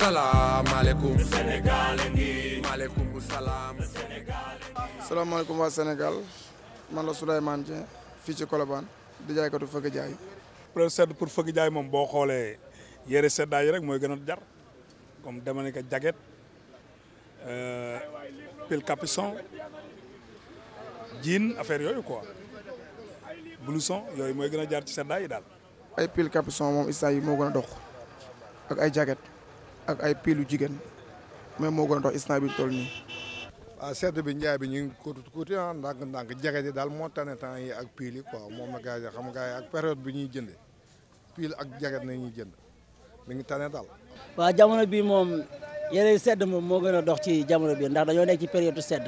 salaamaaleykum. maaleykum salaam. salaamaaleykum waa Sénégal man la Souleymane Dieng fii ci Colobane di jaaykatu fëgg jaay. sedd pour fëgg jaay moom boo xoolee yére seddaay yi rek mooy gën a jar comme dama ne ko jaget euh, pile capuchon jean affaire yooyu quoi blouson yooyu mooy gën a jar ci seddaay daal. ay pile capuchon moom istaa yi moo gën a dox ak ay jaget. ak ay pilu jigéen mais moo gën dox instant bi tol ni a ah, waaw sedd bi njaay bi ñu ngi kuuti kuuti ah ndànk ndànk jege ji daal moo tane temps yi ak pile yi quoi moom la gars yi xam nga ak période bi ñuy jënde pile ak jege na ñuy jënd mi ngi tane daal. waaw jamono bi moom yére sedd moom a dox ci jamono bi ndax dañoo nekk ci période sedd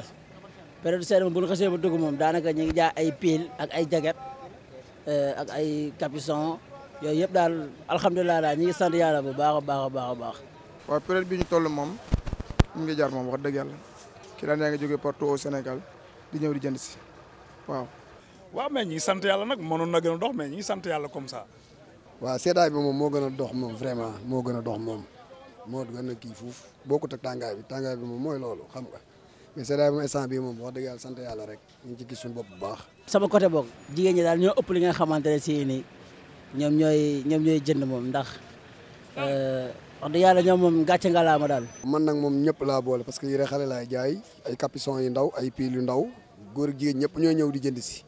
période sedd moom bu ñu xasee ba dugg moom daanaka ñu ngi jaay ay pile ak ay jaget euh, ak ay capuchon yooyu yëpp ngi sant bu baax baax baax baax. waaw période bi ñu toll moom ñu ngi jar moom wax dëgg yàlla ki daan ngi jógee partout au Sénégal di ñëw di jënd si waaw. waaw mais ñu sant yàlla nag mënoon na gën a mais ñi sant yàlla comme ça. waaw seddaay bi moom moo gën a dox moom vraiment moo gën a dox moom moo gën a kii fuuf bokkut ak tàngaay bi tàngaay bi moom mooy loolu xam nga mais seddaay bi moom instant bii moom wax dëgg yàlla sant yàlla rek ñu ngi ci gis suñu bopp bu baax. sama côté boog jigéen ñi daal ñoo ëpp li nga xamante ne si nii ñoom ñooy ñoom ñooy jënd moom ndax. Ah. Euh, wax dëgg yàlla ñoom moom gàcce nga laa ma daal. man nag moom ñëpp laa boole parce que yére xale laay jaay ay capuchon yu ndaw ay piil yu ndaw góor ak jigéen ñëpp ñooy ñëw di jënd si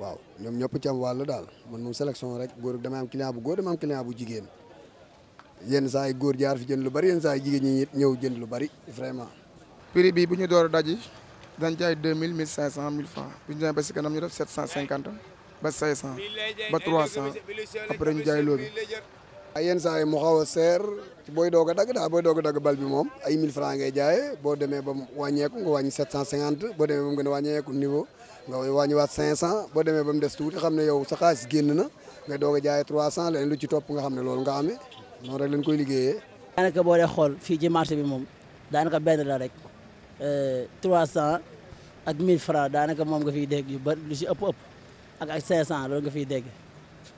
waaw ñoom ñëpp ci am wàll daal man moom sélection rek góor damay am client bu góor damay bu jigéen yenn saa yi góor jaar fi jënd lu bari yenn saa yi jigéen ñi ñëw jënd lu bari vraiment. prix bi bu ñu door a daji dañ jaay deux mille mille cinq cent mille francs bu ñu demee ba si kanam ñu def cent cinquante ba cinq cent ba trois cent après ñu jaay loolu. ay yenn saa yi xaw a seer booy doog a dagg daal booy doog a dagg bal bi moom ay 1000 francs ngay jaayee boo demee ba mu wàññeeku nga wàññi 750 boo demee ba mu gën a wàññeeku niveau nga wàññiwaat 500 boo demee ba mu des tuuti xam ne yow sa xaalis génn na nga doog a jaayee 300 leneen lu ci topp nga xam ne lool nga amee noonu rek lañ koy liggéeyee. daanaka boo dee xool fii ji marché bi moom daanaka benn la rek 300 euh, ak 1000 francs daanaka moom nga fiy dégg yu bari lu ëpp ëpp ak ak 500 loolu nga fiy dégg.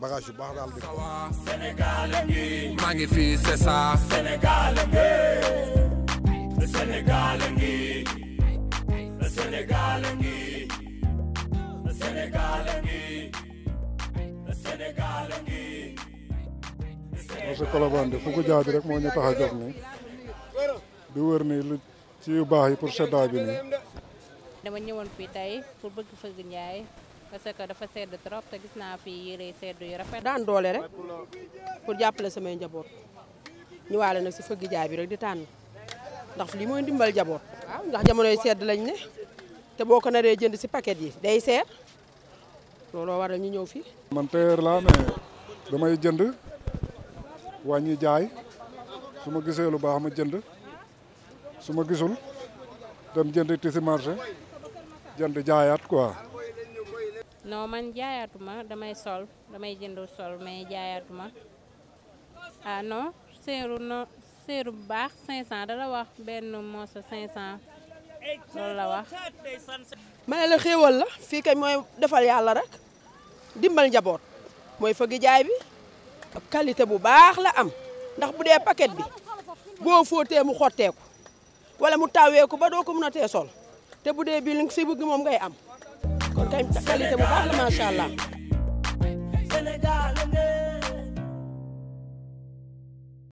bagage yu baax daal di Sénégal ngi maa ngi fii c'est ça Sénégal ngi Sénégal ngi Sénégal ngi Sénégal ngi ngi parce que Colobane de fu ko jaabi rek moo ñu tax a jóg di wër nii ci baax yi pour seddaay bi nii dama ñëwoon fii tey pour bëgg fëgg njaay perce que dafa sedd trop te gis naa fi yére sedd yu rafet. daan doole rek pour jàppale samay njaboot ñëwaale nag si fëgg jaay bi rek di tànn ndax lii mooy ndimbal njaboot. waaw ndax jamonoy sedd lañ ne te boo ko naree jënd si paquet yi day seer looloo waral ñu ñëw fii. man tailleur laa mais damay jënd wàññi jaay su ma gisee lu baax ma jënd su ma gisul dem jënd ci si marché jënd jaayaat quoi. non man jaayaatuma damay sol damay jënd sol mais jaayaatuma ah non seeru no seeru bu baax 500 da la wax benn moosa 500 loolu la wax. ma la xéewal la fii kay mooy defal yàlla rek dimbal njaboot mooy fëgg jaay bi qualité bu baax la am ndax bu dee paquet bi boo fóotee mu xotteeku wala mu tawee ko ba doo ko mën sol te bu dee bii li nga si bëgg moom ngay am. kon kay qualité bu baax la